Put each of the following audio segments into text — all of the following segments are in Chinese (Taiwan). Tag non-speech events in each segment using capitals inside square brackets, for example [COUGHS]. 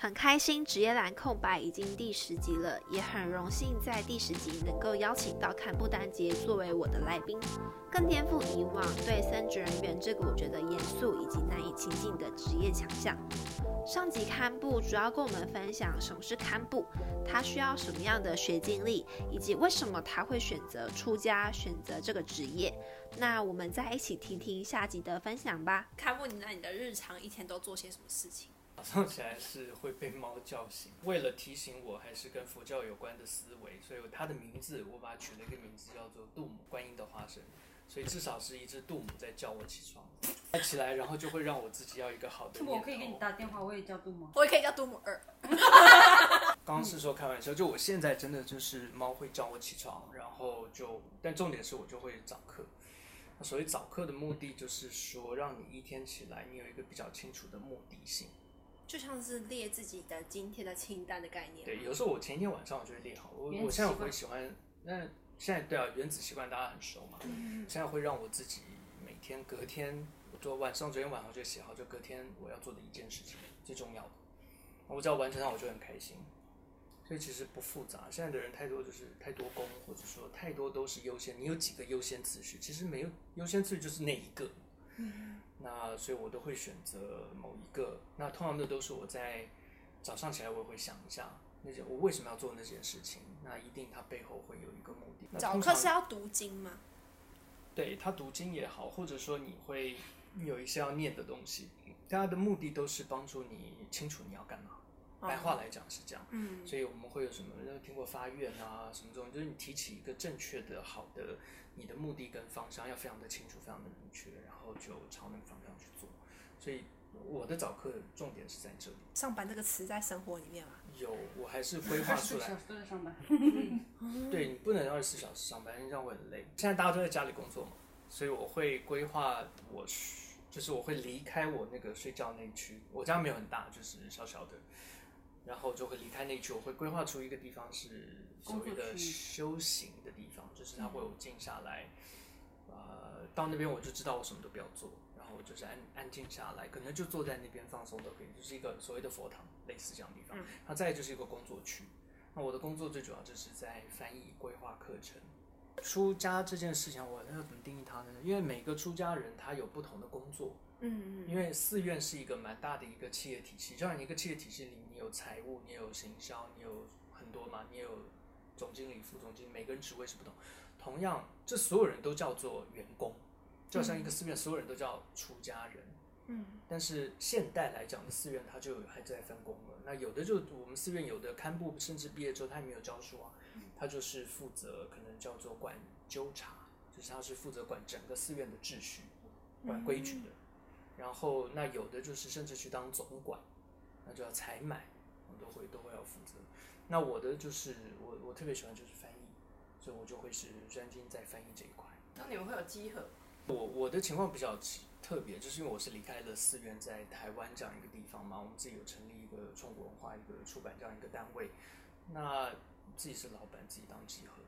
很開心，職業欄空白已經第十集了，也很榮幸在第十集能夠邀請到堪布丹杰作為我的來賓，更顛覆以往對僧職人員這個我覺得嚴肅以及難以親近的職業想像。上集堪布主要跟我們分享什麼是堪布，他需要什麼樣的學經歷，以及為什麼他會選擇出家，選擇這個職業。那我們再一起聽聽下集的分享吧。堪布，你那你的日常一天都做些什麼事情？早上起來是會被貓叫醒，為了提醒我，還是跟佛教有關的思維，所以它的名字我把它取了一個名字叫做度母觀音的化身，所以至少是一隻度母在叫我起床。 [LAUGHS] 起來，然後就會讓我自己要一個好的念頭。度母我可以給你打電話，我也叫度母，我也可以叫度母二。 [LAUGHS] 剛剛是說開玩笑，就我現在真的就是貓會叫我起床，然後就，但重點是我就會早課。那所以早課的目的就是說，讓你一天起來，你有一個比較清楚的目的性。就像是列自己的今天的清單的概念啊。對，有時候我前一天晚上我就會列好。我，我現在我很喜歡，那現在對啊，原子習慣大家很熟嘛。對。現在會讓我自己每天隔天做，我就晚上昨天晚上就寫好，就隔天我要做的一件事情，最重要的。我只要完成它，我就很開心。所以其實不複雜。現在的人太多，就是太多功，或者說太多都是優先。你有幾個優先次序？其實沒有優先次序就是那一個。嗯那所以，我都會選擇某一個。那通常的都是我在早上起來，我也會想一下，那些我為什麼要做那件事情。那一定它背後會有一個目的。早課是要讀經嗎？對，他讀經也好，或者說你會有一些要念的東西，他的目的都是幫助你清楚你要幹嘛。白話來講是這樣，嗯，所以我們會有什麼？要聽過發願啊，什麼這種，就是你提起一個正確的、好的，你的目的跟方向要非常的清楚、非常的明確，然後就朝那個方向去做。所以我的早課重點是在這裡。上班這個詞在生活裡面嗎？有，我還是規劃出來。 [LAUGHS] 四小時都在上班。 [LAUGHS] 對，你不能二十四小時上班，讓我很累。現在大家都在家裡工作嘛，所以我會規劃我，就是我會離開我那個睡覺那區。我家沒有很大，就是小小的。然後就會離開那一區，我會規劃出一個地方是所謂的修行的地方，就是它會有靜下來。呃，到那邊我就知道我什麼都不要做，然後我就是安安靜下來，可能就坐在那邊放鬆都可以，就是一個所謂的佛堂類似這樣的地方。那、嗯、再就是一個工作區。那我的工作最主要就是在翻譯、規劃課程。出家這件事情，我那要怎麼定義它呢？因為每個出家人他有不同的工作，嗯，因為寺院是一個蠻大的一個企業體系，就像一個企業體系裡，你有財務，你有行銷，你有很多嘛，你有總經理、副總經理，每個人職位是不同。同樣，這所有人都叫做員工，嗯，就像一個寺院，所有人都叫出家人，嗯。但是現代來講的寺院，它就還在分工了。那有的就我們寺院有的堪布，甚至畢業之後他也沒有教書啊。他就是負責，可能叫做管糾察，就是他是負責管整個寺院的秩序，管規矩的。嗯、然後那有的就是甚至去當總管，那就要採買，我都會都會要負責。那我的就是我我特別喜歡就是翻譯，所以我就會是專心在翻譯這一塊。那你們會有機會？我我的情況比較特別，就是因為我是離開了寺院，在台灣這樣一個地方嘛，我們自己有成立一個中國文化一個出版這樣一個單位，那。自己是老闆，自己當集合。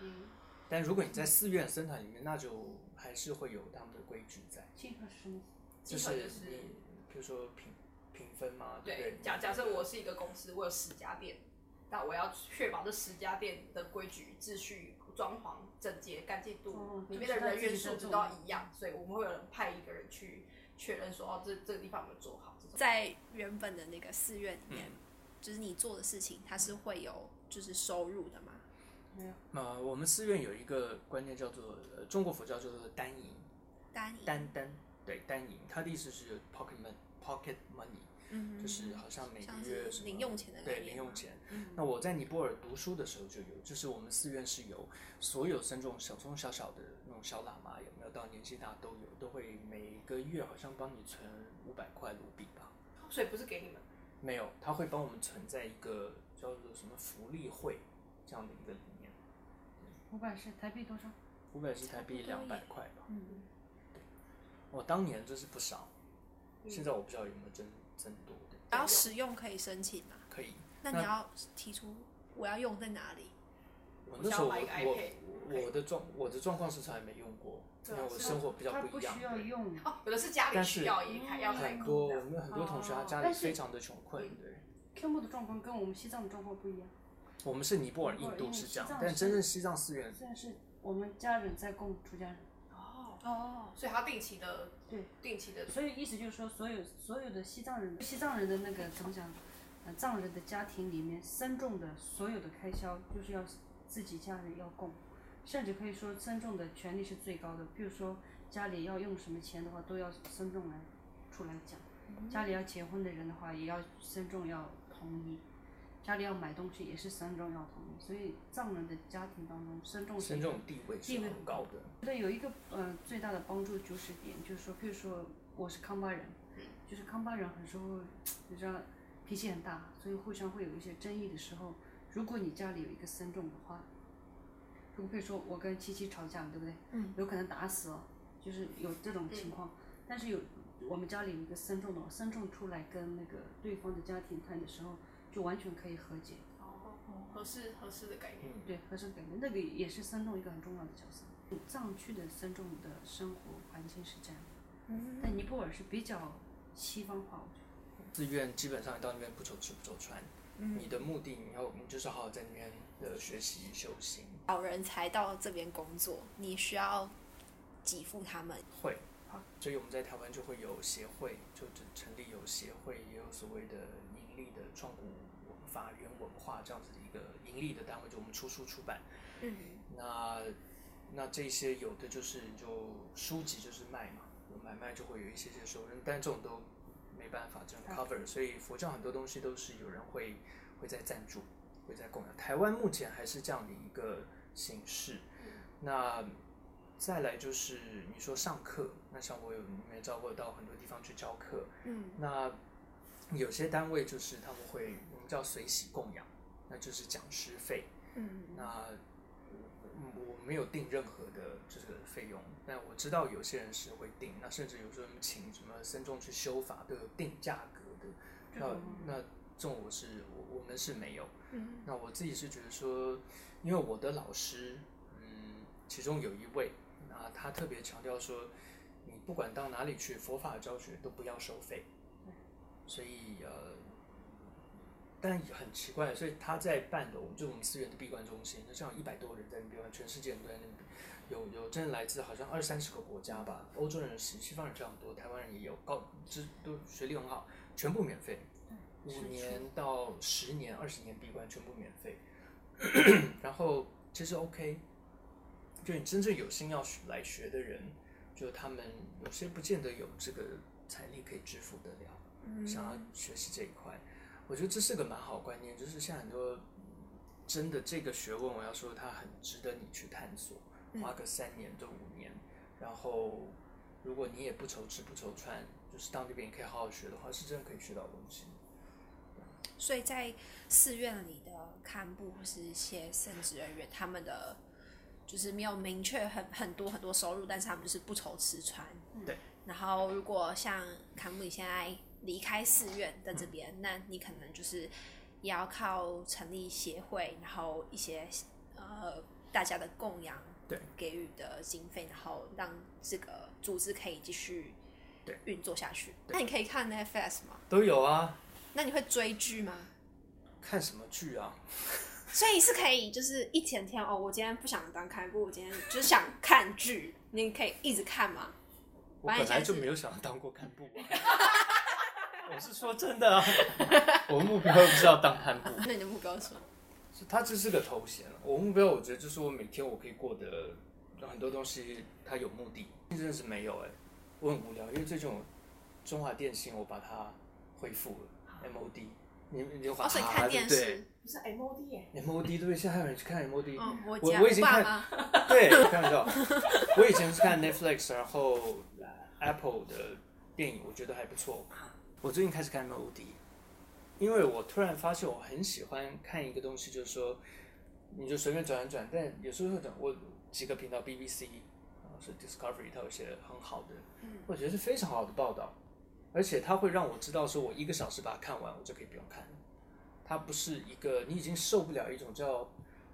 嗯。但如果你在寺院生產裡面，那就還是會有他們的規矩在。基本是。就是，你比如說平平分嘛？對。對對假假設我是一個公司，我有十家店，那我要確保這十家店的規矩、秩序、裝潢、整潔、乾淨度、嗯，裡面的人員素質都要一樣。所以我們會有人派一個人去確認說，說哦，這這個地方有沒有做好。在原本的那個寺院裡面，嗯、就是你做的事情，它是會有。就是收入的嘛，沒、嗯、有。呃，我們寺院有一個觀念叫做，呃、中國佛教叫做單“單銀”，單單單，對單銀，它的意思是 pocket money，pocket money，嗯，就是好像每個月什麼是零用錢的，對零用錢、嗯。那我在尼泊爾讀書的時候就有，就是我們寺院是有所有僧眾小中小,小小的那種小喇嘛，有沒有到年紀大都有，都會每個月好像幫你存五百塊盧比吧。所以不是給你們？沒有，他會幫我們存在一個。叫做什麼福利會這樣的一個理念。五百是台幣多少？五百是台幣兩百塊吧。嗯。我當年就是不少，現在我不知道有沒有增增多。然後使用可以申請嗎？可以。那,那你要提出我要用在哪裡？我那時候我我我,我的狀我的狀況是從來沒用過，因為我生活比較不一樣。不需要用、哦，有的是家裡需要要用。很多我們有很多同學他家裡非常的窮困，對。對天幕的狀況跟我們西藏的狀況不一樣。我們是尼泊爾、印度是這樣是，但真正西藏寺院，現在是我們家人在供出家人。哦哦，所以他定期的對，定期的。所以意思就是說，所有所有的西藏人，西藏人的那個怎麼講？嗯、呃，藏人的家庭裡面僧眾的所有的開銷，就是要自己家人要供，甚至可以說僧眾的權力是最高的。比如說家裡要用什麼錢的話，都要僧眾來出來講。家裡要結婚的人的話，也要僧眾要。同意，家裡要買東西也是僧眾要同意，所以藏人的家庭當中，僧眾地位地位是很高，地位很高的。對，有一個呃最大的幫助就是點，就是說，比如說我是康巴人，嗯，就是康巴人很說，你知道脾氣很大，所以互相會有一些爭議的時候，如果你家裡有一個僧眾的話，如果比如說我跟七七吵架，對不對、嗯？有可能打死了，就是有這種情況，嗯、但是有。我們家裡一個僧眾嘛，哦，僧眾出來跟那個對方的家庭談的時候，就完全可以和解。哦哦，合適合適的概念，嗯。對，合適的概念，那個也是僧眾一個很重要的角色。藏區的僧眾的生活環境是這樣的，嗯，但尼泊爾是比較西方化，我覺得。寺院基本上到那邊不愁吃不愁穿，嗯，你的目的你要，你就是好好在那邊的學習修行。老人才到這邊工作，你需要給付他們。會。所以我們在台灣就會有協會，就成成立有協會，也有所謂的盈利的創古法源文化這樣子的一個盈利的單位，就我們出書出版。嗯。那那這些有的就是就書籍就是賣嘛，買賣就會有一些些收入，但這種都沒辦法，這樣 cover。嗯。所以佛教很多東西都是有人會會在贊助，會在供養。台灣目前還是這樣的一個形式。嗯。那再來就是你說上課。那像我有，沒招過到很多地方去教課。嗯，那有些單位就是他們會，我們叫隨喜供養，那就是講師費。嗯，那我我沒有定任何的這個費用，嗯。但我知道有些人是會定，那甚至有時候請什麼僧眾去修法都有定價格的。嗯，那那這種我是，我我們是沒有。嗯，那我自己是覺得說，因為我的老師，嗯，其中有一位，那他特別強調說。不管到哪裡去，佛法教學都不要收費。所以呃，但也很奇怪，所以他在辦的，就我們寺院的閉關中心，那像一百多人在那邊，全世界人都在那邊。有有真的來自好像二三十個國家吧，歐洲人、是，西方人這樣多，台灣人也有，高知都學歷很好，全部免費，五年到十年、二十年閉關全部免費，嗯。然後其實 OK，就你真正有心要來學的人。就他們有些不見得有這個財力可以支付得了，嗯、想要學習這一塊，我覺得這是個蠻好觀念。就是像很多真的這個學問，我要說它很值得你去探索，花個三年到五年、嗯，然後如果你也不愁吃不愁穿，就是到那邊可以好好學的話，是真的可以學到東西。所以在寺院裡的堪布或是一些僧職人員，他們的。就是沒有明確很很多很多收入，但是他們就是不愁吃穿。對、嗯嗯。然後，如果像堪布你現在離開寺院在這邊、嗯，那你可能就是也要靠成立協會，然後一些呃大家的供養，對，給予的經費，然後讓這個組織可以繼續對運作下去。那你可以看 Netflix 嗎？都有啊。那你會追劇嗎？看什麼劇啊？所以是可以，就是一天天哦。我今天不想當堪布，我今天就是想看劇，你可以一直看嗎？我本來就沒有想當過堪布、啊。我是說真的、啊， [LAUGHS] [LAUGHS] 我目標不是要當堪布 [LAUGHS] 、啊。那你的目標是什麼？他只是個頭銜。我目標，我覺得就是我每天我可以過得有很多東西，他有目的。真的是沒有哎、欸，我很無聊，因為最近我中華電信我把它恢復了 MOD。Oh. M -O -D 你你就花花對，不是 M O D 耶，M O D 對，不對？現在還有人去看 M O D，、嗯、我我,我已經看， [LAUGHS] 對，開玩笑，我以前是看 Netflix，然後 Apple 的電影我覺得還不錯，我最近開始看 M O D，因為我突然發現我很喜歡看一個東西，就是說你就隨便轉一轉,轉，但有時候會轉我幾個頻道 B B C 啊是 Discovery，它有些很好的、嗯，我覺得是非常好的報道。而且它會讓我知道，說我一個小時把它看完，我就可以不用看了。它不是一個你已經受不了一種叫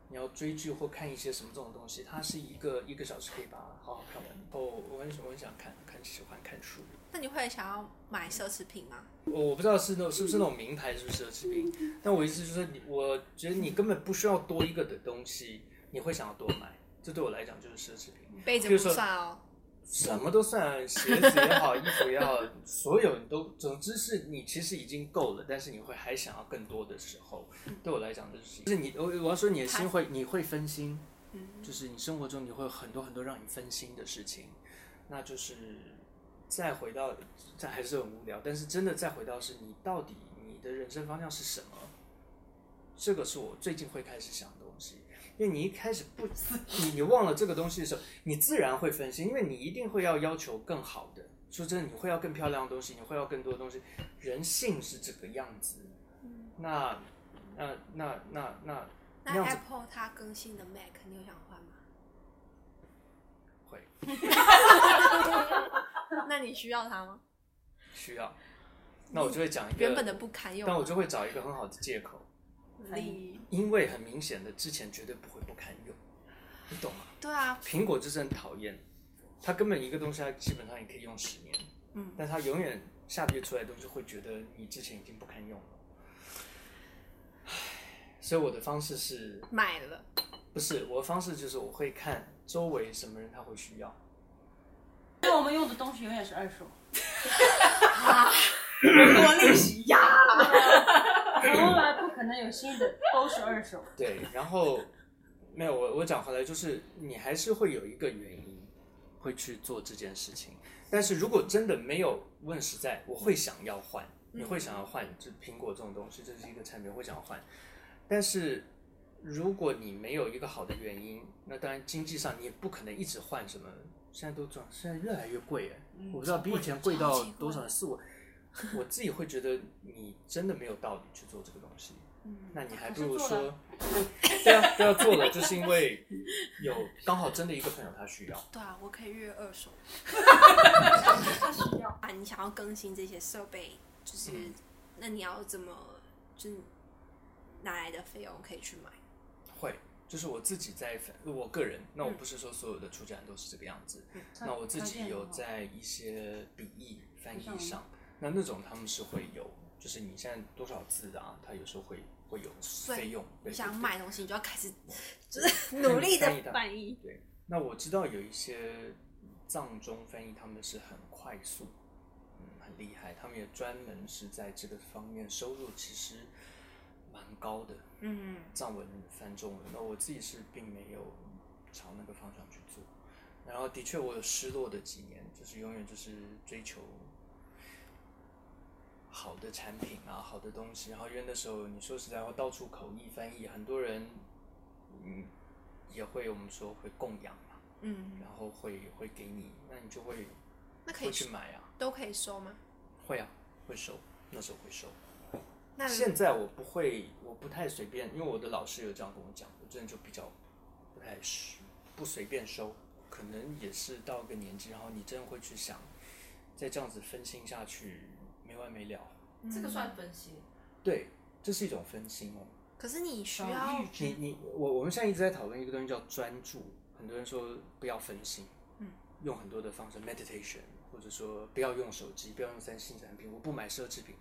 你要追劇或看一些什麼這種東西，它是一個一個小時可以把它好好看完。哦、嗯，我很想，我很想看看喜歡看書。那你會想要買奢侈品嗎？我我不知道是那是不是那種名牌是不是奢侈品？嗯、但我意思就是你，我覺得你根本不需要多一個的東西，你會想要多買，這對我來講就是奢侈品。被子不算哦。什麼都算，鞋子也好，衣服也好，所有你都，總之是你其實已經夠了，但是你會還想要更多的時候。對我來講，就是就是你，我我要說，你的心會，你會分心，就是你生活中你會有很多很多讓你分心的事情，那就是再回到這還是很無聊，但是真的再回到是你到底你的人生方向是什麼？這個是我最近會開始想的東西。因為你一開始不自，你你忘了這個東西的時候，你自然會分心，因為你一定會要要求更好的。說真的，你會要更漂亮的東西，你會要更多的東西，人性是這個樣子。那、那、那、那、那，那、那 Apple 它更新的 Mac，你有想換嗎？會。 [LAUGHS] [LAUGHS] [LAUGHS] 那你需要它嗎？需要。那我就會講一個原本的不堪用，但我就會找一個很好的借口。因為很明顯的，之前絕對不會不堪用，你懂嗎？對啊。蘋果就是很討厭，它根本一個東西，它基本上也可以用十年。嗯。但它永遠下跌出來東西，會覺得你之前已經不堪用了。唉。所以我的方式是買了。不是，我的方式就是我會看周圍什麼人他會需要。因為我們用的東西永遠是二手。哈哈哈呀！ [COUGHS] [COUGHS] [COUGHS] [COUGHS] [COUGHS] [COUGHS] [LAUGHS] 可能有新的，都是二手。 [LAUGHS] 對，然後沒有我我講回來，就是你還是會有一個原因，會去做這件事情。但是如果真的沒有問實在，我會想要換、嗯，你會想要換？就蘋果這種東西，這是一個產品我會想要換。但是如果你沒有一個好的原因，那當然經濟上你也不可能一直換什麼。現在都漲，現在越來越貴哎、嗯，我不知道比以前貴到多少，四五。 [LAUGHS] 我自己會覺得你真的沒有道理去做這個東西，嗯、那你還不如說，不要、 [LAUGHS] 啊、不要做了， [LAUGHS] 就是因為有剛好真的一個朋友他需要，對啊，我可以約二手，他需要啊，你想要更新這些設備，就是、嗯、那你要怎麼就哪來的費用可以去買？會，就是我自己在我個人，那我不是說所有的出展都是這個樣子，嗯、那我自己有在一些筆譯、嗯、翻譯上。那那種他們是會有，就是你現在多少字的啊？他有時候會會有費用。你想買東西，你就要開始就是努力的翻譯。對，那我知道有一些藏中翻譯，他們是很快速，嗯、很厲害。他們也專門是在這個方面收入其實蠻高的。嗯，藏文翻中文，那、嗯、我自己是並沒有朝那個方向去做。然後，的確，我有失落的幾年，就是永遠就是追求，好的產品啊，好的東西，然後因為那時候你說實在話，到處口譯翻譯，很多人，嗯，也會我們說會供養嘛，嗯，然後會會給你，那你就會，那可以去買啊，都可以收嗎？會啊，會收，那時候會收。那現在我不會，我不太隨便，因為我的老師有這樣跟我講，我真的就比較不太不隨便收，可能也是到一個年紀，然後你真的會去想，再這樣子分心下去。沒聊、嗯，這個算分心。對，這是一種分心哦。可是你需要你你我我們現在一直在討論一個東西叫專注。很多人說不要分心，嗯，用很多的方式，meditation，或者說不要用手機，不要用三星產品，我不買奢侈品，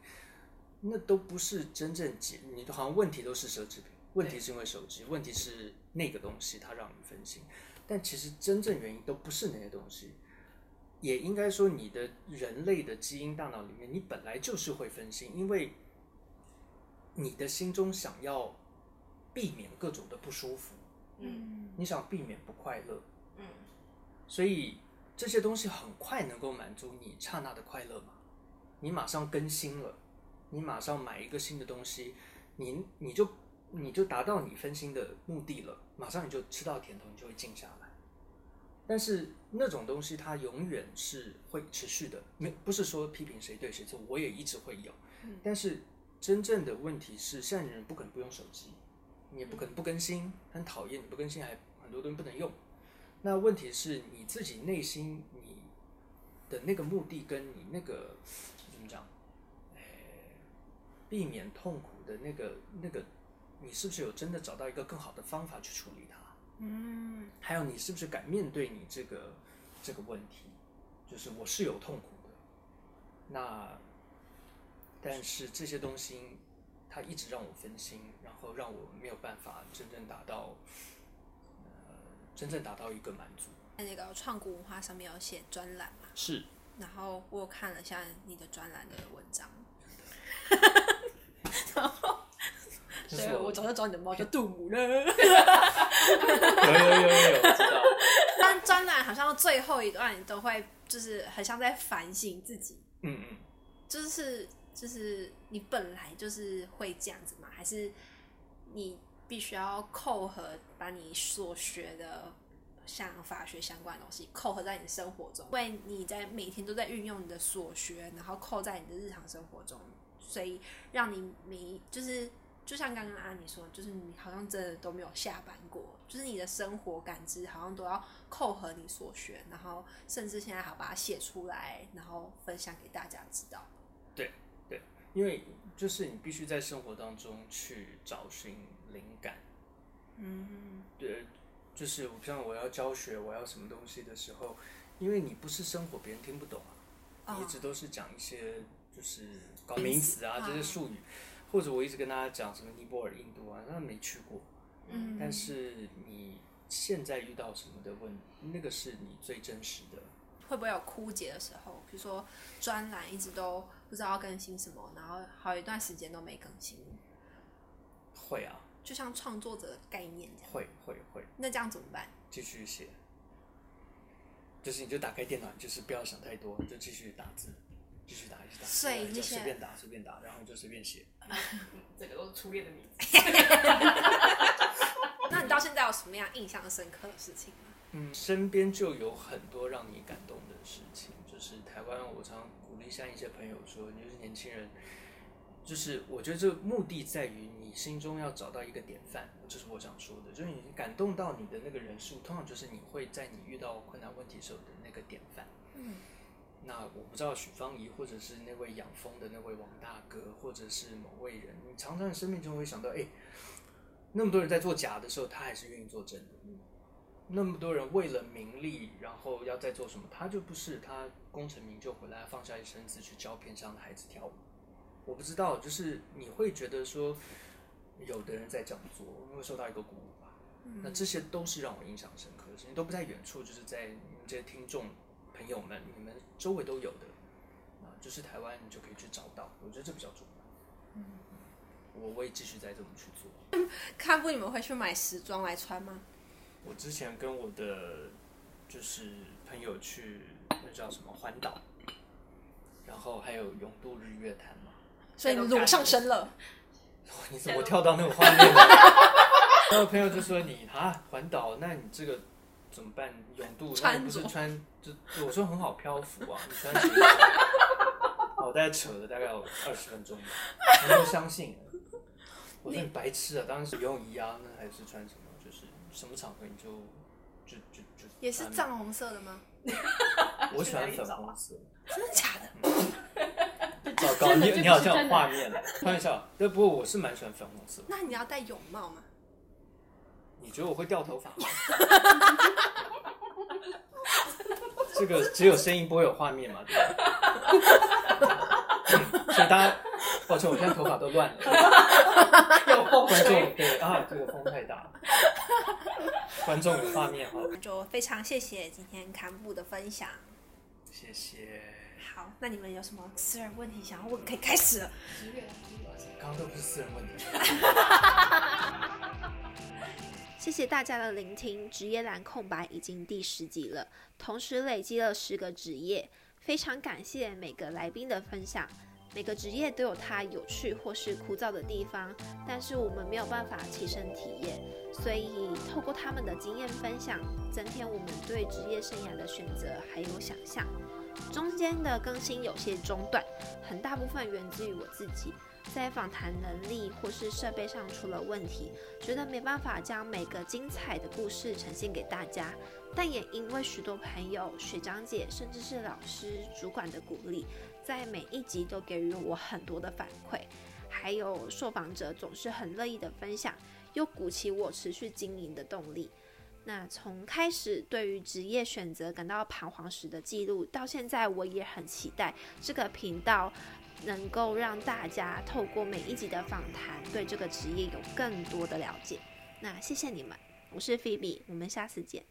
那都不是真正解。你都好像問題都是奢侈品，問題是因為手機，問題是那個東西它讓你分心，但其實真正原因都不是那些東西。也應該說，你的人類的基因大腦裡面，你本來就是會分心，因為你的心中想要避免各種的不舒服，嗯，你想避免不快樂，嗯，所以這些東西很快能夠滿足你剎那的快樂嘛。你馬上更新了，你馬上買一個新的東西，你你就你就達到你分心的目的了，馬上你就吃到甜頭，你就會靜下來。但是那種東西它永遠是會持續的，沒不是說批評誰對誰錯，我也一直會有。但是真正的問題是，現在人不可能不用手機，你也不可能不更新，很討厭你不更新，還很多東西不能用。那問題是你自己內心你的那個目的跟你那個怎麼講？哎，避免痛苦的那個那個，你是不是有真的找到一個更好的方法去處理它？嗯，還有你是不是敢面對你這個這個問題？就是我是有痛苦的，那但是這些東西它一直讓我分心，然後讓我沒有辦法真正達到，呃，真正達到一個滿足。在那個創古文化上面有寫專欄嘛？是。然後我看了下你的專欄的文章。 [LAUGHS] 對我早就找你的貓叫度母了。有有有有。但專欄好像最後一段都會，就是很像在反省自己。嗯 [LAUGHS] 嗯、就是。就是就是你本來就是會這樣子嘛，還是你必須要扣合把你所學的像法學相關的東西扣合在你的生活中，因為你在每天都在運用你的所學，然後扣在你的日常生活中，所以讓你每一，就是。就像剛剛阿妮說，就是你好像真的都沒有下班過，就是你的生活感知好像都要扣合你所學，然後甚至現在還好把它寫出來，然後分享給大家知道。對對，因為就是你必須在生活當中去找尋靈感。嗯，對，就是我像我要教學，我要什麼東西的時候，因為你不是生活，別人聽不懂啊，哦、一直都是講一些就是高名詞啊、嗯、這些術語。嗯或者我一直跟大家講什麼尼泊爾、印度啊，他沒去過嗯。嗯。但是你現在遇到什麼的問題，那個是你最真實的。會不會有枯竭的時候？比如說專欄一直都不知道要更新什麼，然後好一段時間都沒更新。會啊。就像創作者的概念這樣。會會會。那這樣怎麼辦？繼續寫。就是你就打開電腦，就是不要想太多，就繼續打字。繼續打，一下，打，隨便打，隨便打，然後就隨便寫。這個都是初戀的名字。那你到現在有什麼樣印象深刻的事情嗎？嗯，身邊就有很多讓你感動的事情。就是台灣，我常鼓勵像一,一些朋友說，你就是年輕人，就是我覺得這個目的在於你心中要找到一個典範。就是我想說的，就是你感動到你的那個人數，通常就是你會在你遇到困難問題時候的那個典範。嗯。那我不知道許芳宜，或者是那位養蜂的那位王大哥，或者是某位人，你常常在生命中會想到，誒、欸，那麼多人在做假的時候，他還是願意做真的，嗯。那麼多人為了名利，然後要再做什麼，他就不是他功成名就回來放下一身子去教偏鄉的孩子跳舞。我不知道，就是你會覺得說，有的人在這樣做，因為受到一個鼓舞吧？那這些都是讓我印象深刻的事情，都不在遠處，就是在這些聽眾。朋友們，你們周圍都有的、嗯、就是台灣你就可以去找到，我覺得這比較重要。嗯，我會繼續再這麼去做。看不，你們會去買時裝來穿嗎？我之前跟我的就是朋友去那叫什麼環島，然後還有泳渡日月潭嘛。所以你裸上身了？ [LAUGHS] 你怎麼跳到那個畫面了？ [LAUGHS] 然後朋友就說你啊，環島，那你這個。怎麼辦？泳渡，那你不是穿？就我說很好漂浮啊！你穿什麼、 [LAUGHS] 啊？我大概扯了大概有二十分鐘吧，我不相信？我說你白痴啊！當然是游泳衣啊，那還是穿什麼？就是什麼場合你就就就就，就也是藏紅色的嗎？我喜歡粉紅色。 [LAUGHS] 真的假的？老高， [COUGHS] 你你好像有畫面了。開玩笑，， [LAUGHS] 這不過我是蠻喜歡粉紅色。那你要戴泳帽嗎？你覺得我會掉頭髮嗎？ [LAUGHS] [LAUGHS] 這個只有聲音不會有畫面嘛、 [LAUGHS] [LAUGHS] 嗯？所以大家，抱歉，我現在頭髮都亂了。 [LAUGHS] 要抱觀眾對，對啊，這個風太大了。 [LAUGHS] 觀眾有畫面嗎，就非常謝謝今天堪布的分享。謝謝。好，那你們有什麼私人問題想要問？可以開始了。剛剛都不是私人問題。 [LAUGHS] [LAUGHS] 謝謝大家的聆聽，職業欄空白已經第十集了，同時累積了十個職業。非常感謝每個來賓的分享，每個職業都有它有趣或是枯燥的地方，但是我們沒有辦法親身體驗，所以透過他們的經驗分享，增添我們對職業生涯的選擇還有想象。中間的更新有些中斷，很大部分源自於我自己。在訪談能力或是設備上出了問題，覺得沒辦法將每個精彩的故事呈現給大家。但也因為許多朋友、學長姐，甚至是老師、主管的鼓勵，在每一集都給予我很多的反饋，還有受訪者總是很樂意的分享，又鼓起我持續經營的動力。那從開始對於職業選擇感到彷徨時的記錄，到現在，我也很期待這個頻道。能夠讓大家透過每一集的訪談，對這個職業有更多的了解。那謝謝你們，我是菲比，我們下次見。